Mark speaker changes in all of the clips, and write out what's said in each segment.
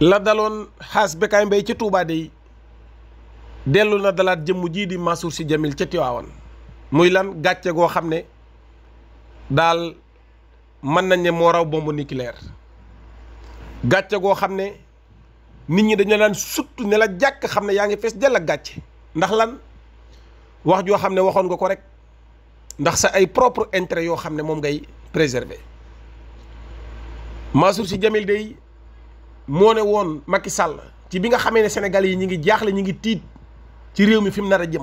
Speaker 1: la daloon xaas bekaay mbay ca tuubaa dey dellu na dalaat jëmm jii di Mansour Sy Djamil ca Tiwaawan muy lan gàcce goo xam ne daal mën nañ ne moo raw bombe nucléaire gàcce goo xam ne nit ñi dañu daan sut ne la jàkk xam ne yaa ngi fees jël ak gàcce ndax lan wax joo xam ne waxoon nga ko rek ndax sa ay propre intérêt yoo xam ne moom ngay préserver Mansour Sy Djamil dey moo ne woon Macky Sall ci bi nga xamee ne Sénégal yi ñu ngi jaaxle ñu ngi tiit ci réew mi fi mu nar a jëm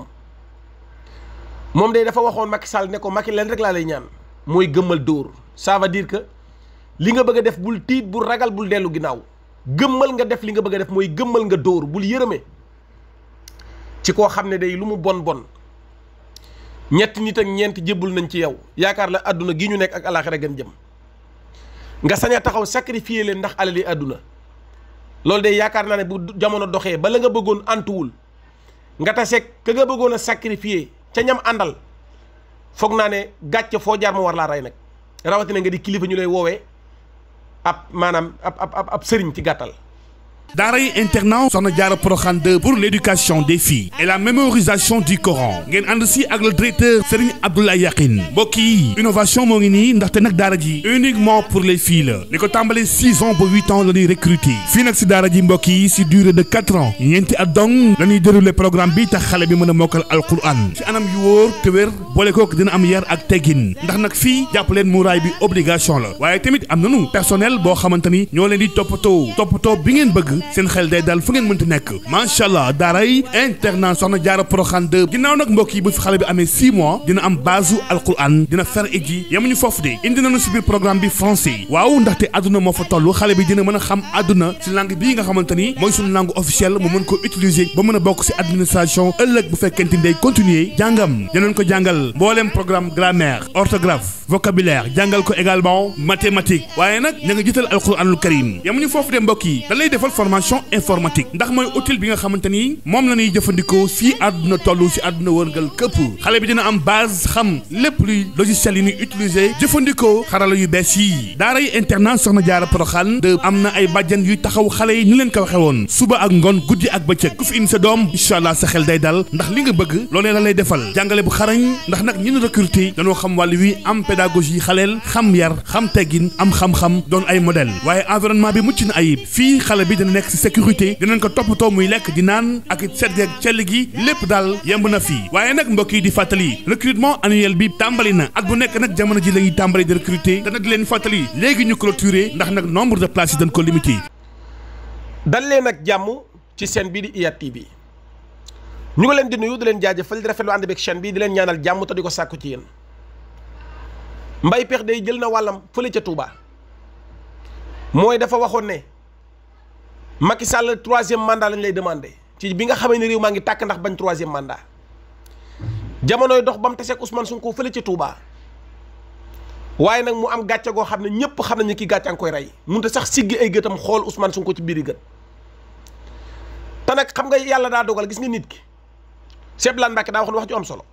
Speaker 1: moom day dafa waxoon Macky Sall ne ko Macky leen rek laa lay ñaan mooy gëmmal dóor ça veut que li nga bëgg a def bul tiit bu ragal bul dellu ginnaaw gëmmal nga def li nga bëgg a def mooy gëmmal nga dóor bul yërëme ci koo xam ne day lu mu bon bon ñetti nit ak ñeent jébbul nañ ci yow yaakaar la àdduna gi ñu nekk ak alaaxira gën jëm nga sañ a taxaw sacrifier leen ndax alali àdduna loolu de yaakaar naa ne bu jamono doxee bala nga bëggoon antuwul nga taseeg ka nga bëggoon a sacrifier ca ñam àndal foog naa ne gàcce foo jaar mu war laa rey nag rawatina nga di kilifa ñu lay woowee ab maanaam ab ab ab sëriñ ci gàttal.
Speaker 2: daara yi internat Soxna Diarra Porokhane 2 pour l'éducation des filles et la mémorisation du Coran ngeen ànd si ak le directeur Serigne Abdoulaye Yaqin mbokk yi innovation moo ngi nii ndaxte nag daara ji uniquement pour les filles la li ko tàmbalee six ans ba huit ans la ñuy recruter fii nag si daara ji mbokk yi si durée de quatre ans ñeenti at dong la ñuy dérouler programme bi tax xale bi mën a mokkal alquran ci anam yu wóor te wér boole kook dina am yar ak teggin ndax nag fii jàpp leen muraay bi obligation la waaye tamit am nañu personnel boo xamante ni ñoo leen di toppatoo toppatoo bi ngeen bëgg seen xel day daal fu ngeen mënti nekk macha allah daaray internat soxna jaara poroxaan de ginnaaw nag mbokk yi bu fi xale bi amee six mois dina am basu alquran dina fer it ji yemuñu foofu de indi nañu si biir programme bi français waaw ndaxte àdduna moo fa toll xale bi dina mën a xam àdduna si langue bii nga xamante ni mooy suñu langue officielle mu mën ko utiliser ba mën a bokk si administration ëllëg bu fekkente day continuer jàngam dinañ ko jàngal mbooleem programme grammaire orthographe vocabulaire jàngal ko également mathématique waaye nag ña nga jiital alquranul karim foofu mbokk yi formation informatique ndax mooy outil bi nga xamante ni moom la ñuy jëfandikoo fii àdduna toll si àdduna wërngal këpp xale bi dina am base xam lépp luy logiciel yi ñuy utiliser jëfandikoo xarala yu bees yi daara yi internat soxna jaara poroxaan de am na ay bàjjan yuy taxaw xale yi ni leen ko waxe woon suba ak ngoon guddi ak bëccëg ku fi indi sa doom incha sa xel day dal ndax li nga bëgg loolee la lay defal jàngale bu xarañ ndax nag ñun recruter dañoo xam wàll wi am pédagogie xaleel xam am xam-xam doon nekk si sécurité dinañ ko toppatoo muy lekk di naan ak it set cell gi lépp daal yemb na fii waaye nag mbokk yi di fàttali recrutement annuel bi tàmbali na at bu nekk nag jamono ji la tàmbali di
Speaker 1: recruter te nag di leen fàttali léegi ñu clôturer ndax nag nombre de places yi dañ ko limité. dal leen ak jàmm ci seen bi di IYAT TV ñu ngi leen di nuyu di leen jaajëfal rafet rafetlu ànd beeg chaîne bi di leen ñaanal jàmm te di ko sàkku ci yéen mbay pex day jël na wàllam fële ca Touba mooy dafa waxoon ne Macky Sall troisième mandat lañ lay demande ci bi nga xamee ne réew maa ngi tàkk ndax bañ troisième mandat jamonoy dox ba mu taseeg Ousmane Sonko fële ca Touba waaye nag mu am gàcce goo xam ne ñëpp xam nañu kii gàcce a ngi koy rey mënut sax siggi ay gëtam xool Ousmane Sonko ci biiri gët te nag xam nga yàlla daa dogal gis nga nit ki Cheikh Blane Mbacké daa wax ne wax ju am solo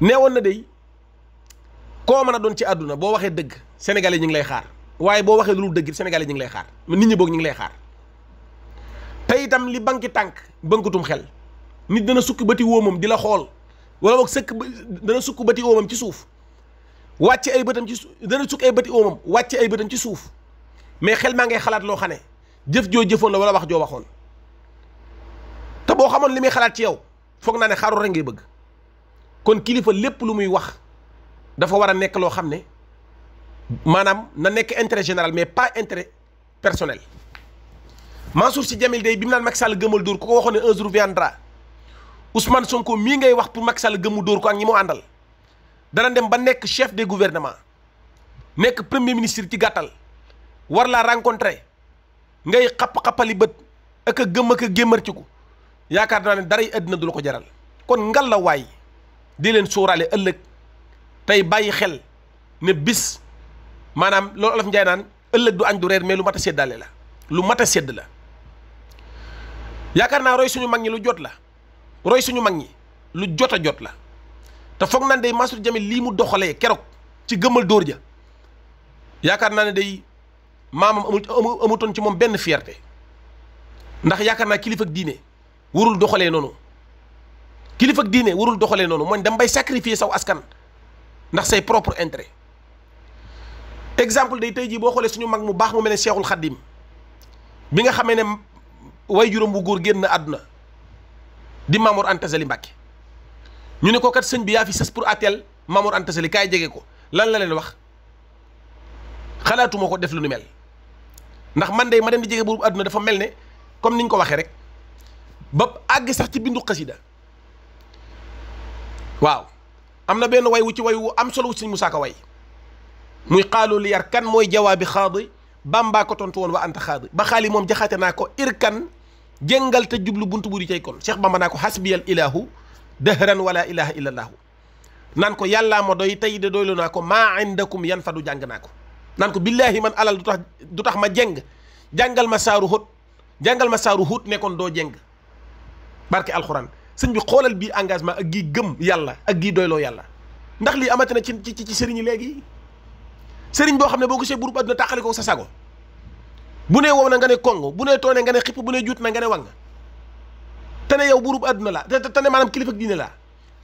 Speaker 1: nee woon na de koo man a doon ci àdduna boo waxee dëgg sénégalais ñu ngi lay xaar waaye boo waxee lu dul dëgg sénégalais ñu ngi lay xaar nit ñi boog ñu ngi lay xaar. te itam li banki tànk bankutum xel nit dana sukk bati wóomam di la xool wala boog sëkk dana sukk bati wóomam ci suuf wàcce ay bëtam ci suuf dana sukk ay bati wóomam wàcce ay bëtam ci suuf mais xel maa ngay xalaat loo xam ne jëf joo jëfoon la wala wax joo waxoon te boo xamoon li muy xalaat ci yow foog naa ne xaaru rek ngay bëgg kon kilifa lépp lu muy wax dafa war a nekk loo xam ne maanaam na nekk intérêt général mais pas intérêt personnel Mansour si Djamil day bi mu naan Macky Sall gëmal dóor ku ko waxoon ne un jour viendra Ousmane Sonko mii ngay wax pour Macky Sall gëmu dóor ko ak ñi mu àndal dana dem ba nekk chef de gouvernement nekk premier ministre ci gàttal war laa rencontrer ngay xapp-xappali bët ak gëm ak ci ko yaakaar naa ne daray àddina du la ko jaral kon ngal la waay di leen sóoraale ëllëg tey bàyyi xel ne bis maanaam loolu olof njaay naan ëllëg du añ du reer mais lu mat a seddaale la lu mat a la yaakaar naa roy suñu mag ñi lu jot la roy suñu mag ñi lu jot a jot la te foog naan day Mansour Djamil lii mu doxalee keroog ci gëmmal dóor ja yaakaar naa ne day maamam amul amutoon ci moom benn fierté ndax yaakaar naa kilifa ak diine warul doxalee noonu kilifa ak diine warul doxalee noonu mooy dam bay sacrifier saw askan ndax say propre intérêt exemple dey tey jii boo xoolee suñu mag mu baax mu mel ne Cheikhul Khadim bi nga xamee ne. way juróom bu góor génn àdduna di Mamour Anta Sali Mbàkke ñu ne ko kat sëñ bi yaa fi sës pour atteel Mamour Anta li kaay jege ko lan la leen wax xalaatuma ko def lu nu mel ndax man de ma dem di jege buur bu àdduna dafa mel ne comme niñ ko waxee rek ba àgg sax ci bindu xasida waaw am na benn way wu ci way wu am solo wu sëñ Musaa Ka way muy xaaloo li yar kan mooy jawaabi xaadi bàmbaa ko tontu woon wa anta xaadi ba xaali moom jaxaate naa ko irkan jëngal te jublu bunt buntu buri cay kon Cheikh Bamba naa ko hasbiyal ilaahu dëhran wala ilaha illallahu naan ko yàllaa ma doy tey de doylu naa ko ma indakum yan fadu jàng naa ko naan ko billaahi man alal du tax du tax ma jeng jàngal ma saaru xóot jàngal ma saaru xóot nekkoon doo jeng barke alxuraan sëñ bi xoolal bii engagement ak gii gëm yàlla ak gii doyloo yàlla ndax lii amati na ci ci ci sëriñ léegi sëriñ boo xam ne boo gisee burub àdduna tàqali ko sa sago bu nee wow na nga ne kong bu nee nga ne xipp bu nee juut na nga ne wang te yow burub àdduna la te te kilifa diine la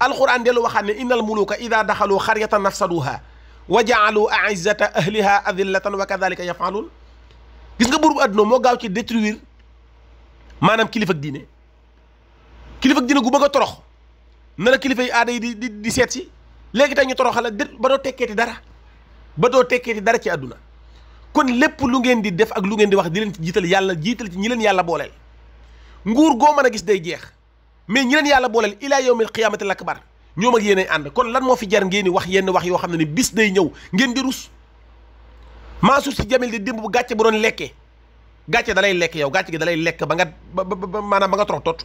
Speaker 1: alxuraan dellu waxaat ne innal muluka ida daxalu xaryatan nafsaduha wa jaalu aizzata ahliha adillatan wa kadalika yafaaluun gis nga burub àdduna moo gaaw ci détruire maanaam kilifa diine kilifa diine gu bëgg a torox na la kilifa yi aada yi di di seet si léegi tey ñu toroxal la dara ba doo tekkee dara ci àdduna kon lépp lu ngeen di def ak lu ngeen di wax di leen ci jiital yàlla jiital ci ñi leen yàlla booleel nguur goo mën a gis day jeex mais ñi leen yàlla booleel ilaa yawmil qiyaamati lakbar ñoom ak yéen ay ànd kon lan moo fi jar ngeen di wax yenn wax yoo xam ne ni bis day ñëw ngeen di rus Mansour Sy Djamil di démb bu gàcce bu doon lekkee gàcce dalay lekk yow gàcce gi dalay lekk ba nga ba ba maanaam ba nga trop tot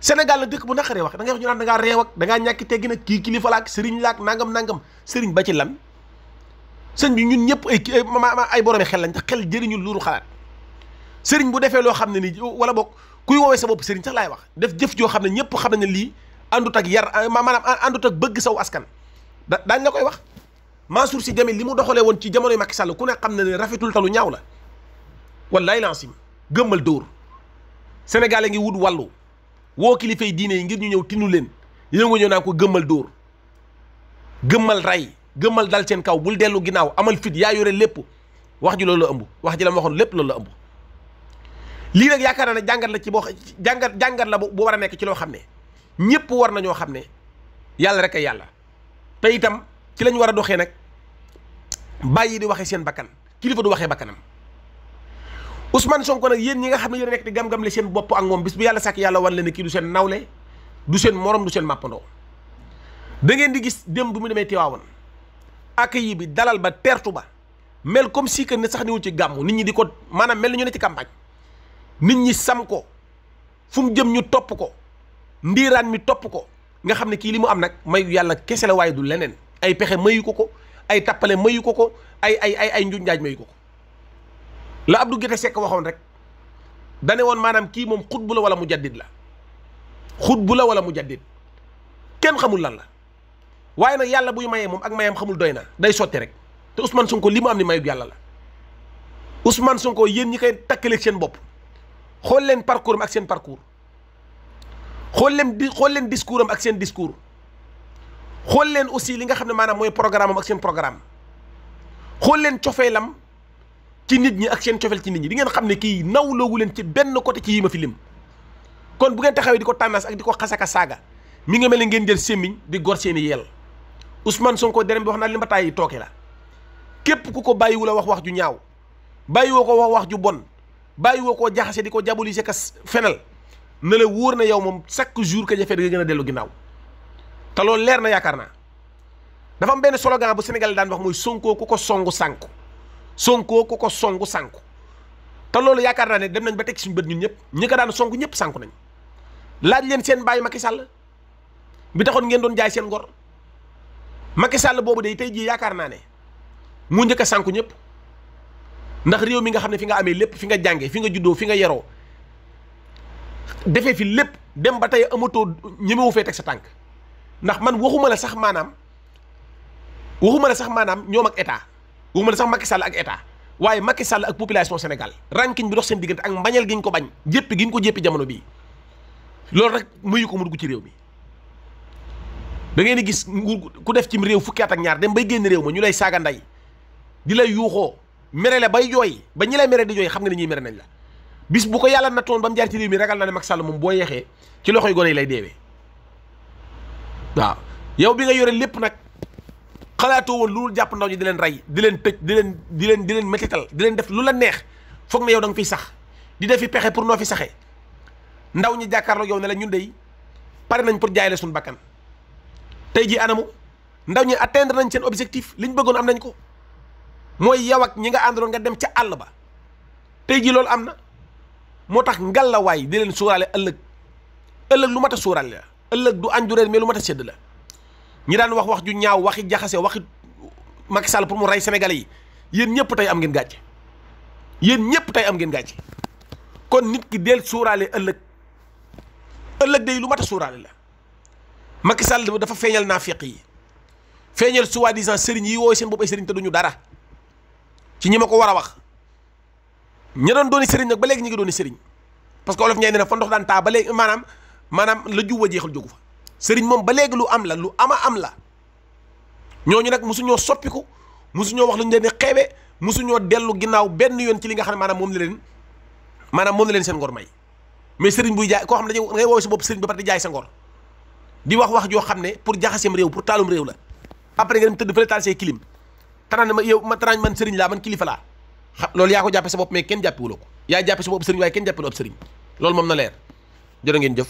Speaker 1: Sénégal dëkk bu naqaree wax wax ñu naan da ak da ñàkk teggi nag kii kilifa la ak sëriñ la ak nangam sëriñ ba ci lan sëñ bi ñun ñëpp ay ay boromi xel lañ tax xel jëriñul luuru xalaat sëriñ bu defee loo xam ne nii wala bokk kuy woowee sa bopp sëriñ sax laay wax def jëf joo xam ne ñëpp xam ne lii àndut ak yar maanaam àndut ak bëgg saw askan da daañ nga koy wax Mansour si Djamil li mu doxalee woon ci jamonoy Macky Sall ku ne xam ne ne rafetul talu ñaaw la wallaay lansim gëmmal dóor Sénégal ngi wut wàllu woo kilifay diine yi ngir ñu ñëw tinu leen yëngu ñëw naa ko gëmmal dóor gëmmal ray gëmmal dal seen kaw bul dellu ginnaaw amal fit yaa yore lépp wax ji loolu la ëmb wax ji la ma waxoon lépp loolu la ëmb lii nag yaakaar naa ne jàngat la ci boo jàngat jàngat la bu war a nekk ci loo xam ne ñëpp war na ñoo xam ne yàlla rek a yàlla te itam ci lañu war a doxee nag bàyyi di waxee seen bakkan kilifa du waxee bakkanam Ousmane Sonko nag yéen ñi nga xam ne yéen nekk di gam-gam le seen bopp ak moom bis bu yàlla sàkk yàlla war leen ne kii du seen nawle du seen morom du seen màppandoo da di gis démb bu mu demee Tiwaawan accueil bi dalal ba tertu ba mel comme si que ne sax niwul ci gàmmu nit ñi di ko maanaam mel ni ñu ne ci campagne nit ñi sam ko fu jëm ñu topp ko ndiiraan mi topp ko nga xam ne kii li mu am nag mayu yàlla kese la waaye du leneen ay pexe mayu ko ko ay tappale mayu ko ko ay ay ay ay njunjaaj mayu ko ko la Abdou Guèye sekk waxoon rek dane woon maanaam kii moom xutbu la wala mu jaddid la xutbu la wala mu jaddid kenn xamul lan la waaye nag yàlla buy mayee moom ak mayam xamul doy na day sotti rek te Ousmane Sonko li mu am ni mayub yàlla la Ousmane Sonko yéen ñi koy takkaleeg seen bopp xool leen parcours am ak seen parcours xool leen di xool leen discours am ak seen discours xool leen aussi li nga xam ne maanaam mooy programme ak seen programme xool leen cofeelam ci nit ñi ak seen cofeel ci nit ñi di ngeen xam ne kii nawloowu leen ci benn côté ci yi ma fi lim kon bu ngeen taxawee di ko tànnaas ak di ko xasaka saaga mi nga mel ne ngeen jël sémmiñ di gor seeni yeel Ousmane Sonko derem bi wax naa leen ba tàyyi tooke la képp ku ko bàyyiwul a wax wax ju ñaaw bàyyiwoo ko wax wax ju bon bàyyiwoo koo jaxase di ko diaboliser kas fenal ne la wóor na yow moom chaque jour que jafee da nga gën a dellu ginnaaw te loolu leer na yaakaar naa dafa am benn slogan bu Sénégal daan wax mooy sonkoo ku ko songu sànku sonkoo ku ko songu sànku te loolu yaakaar naa ne dem nañ ba teg suñu bët ñun ñëpp ñi ko daan songu ñëpp sànku nañ laaj leen seen bàyyi Macky Sall bi taxoon ngeen doon jaay seen ngor Macky Sall boobu day tey jii yaakaar naa ne mu njëkk a sànku ñëpp ndax réew mi nga xam ne fi nga amee lépp fi nga jàngee fi nga juddoo fi nga yaroo defee fi lépp dem ba tey amatoo ñemewu fee teg sa tànk ndax man waxuma la sax maanaam waxuma la sax maanaam ñoom ak état waxuma la sax Macky Sall ak état waaye Macky Sall ak population Sénégal ranking bi dox seen diggante ak mbañal gi ñu ko bañ jéppi gi ñu ko jéppi jamono bii loolu rek muyu ko mu dugg ci réew mi. da ngeen di gis nguur ku def cim réew fukki at ak ñaar dem bay génn réew ma ñu lay saaga nday di lay yuuxoo mere la bay jooy ba ñi lay mere di jooy xam nga ne ñuy mere nañ la bis bu ko yàlla nattoon ba mu jaar ci réew mi ragal na ne Macky moom boo yeexee ci loxoy gone lay deewee bi nga yore lépp nag xalaatoo woon jàpp ndaw ñi di leen rey di leen tëj di leen di leen di leen di leen def lu la neex foog ne yow da nga sax di def pexe pour noo fi saxee ndaw ñi jàkkaarloo yow ne la ñun dey pare nañ pour jaay la bakkan tey jii anamu ndaw ñi atteindre nañ seen objectif liñ bëggoon am nañ ko mooy yow ak ñi nga àndaloon nga dem ca àll ba tey ji loolu am na moo tax ngalawaay di leen suuraale ëllëg ëllëg lu mat a suuraale la ëllëg du anjuréer mais mat a sédd la ñi daan wax wax ju ñaaw waxi jaxase waxi Macky Sall pour mu rey Sénégalais yi yéen ñëpp tey am ngeen gàcce yéen ñëpp tey am ngeen gàcce kon nit ki deel suuraale ëllëg ëllëg day lu mat a suuraale la Macky Sall dafa feeñal feq yi feeñal soi-disant sëriñ yi wooy seen bopp ay sëriñ te duñu dara ci ñi ma ko war a wax ña doon dooni sëriñ nag ba léegi ñu ngi dooni sëriñ parce que olof ñay ne na fa ndox daan taa ba léegi maanaam maanaam la juwa jeexal jógu fa sëriñ moom ba léegi lu am la lu ama am la ñooñu nag mosuñoo soppiku mosuñoo wax lu ñu leen xeebe mosuñoo dellu ginnaaw benn yoon ci li nga xam ne maanaam moom la leen maanaam moom la leen seen ngor may mais sëriñ buy jaay sa ngor di wax wax joo xam ne pour jaxaseem réew pour taalum réew la après nga dem tëdd fële taal see kilim tanaan ma yow man sëriñ laa man kilifa laa xam loolu yaa ko jàppe sa bopp mais kenn jàppewuloo ko yaa jàppe sa bopp sëriñ waaye kenn jàppewuloo ab sëriñ loolu moom na leer jërë ngeen jëf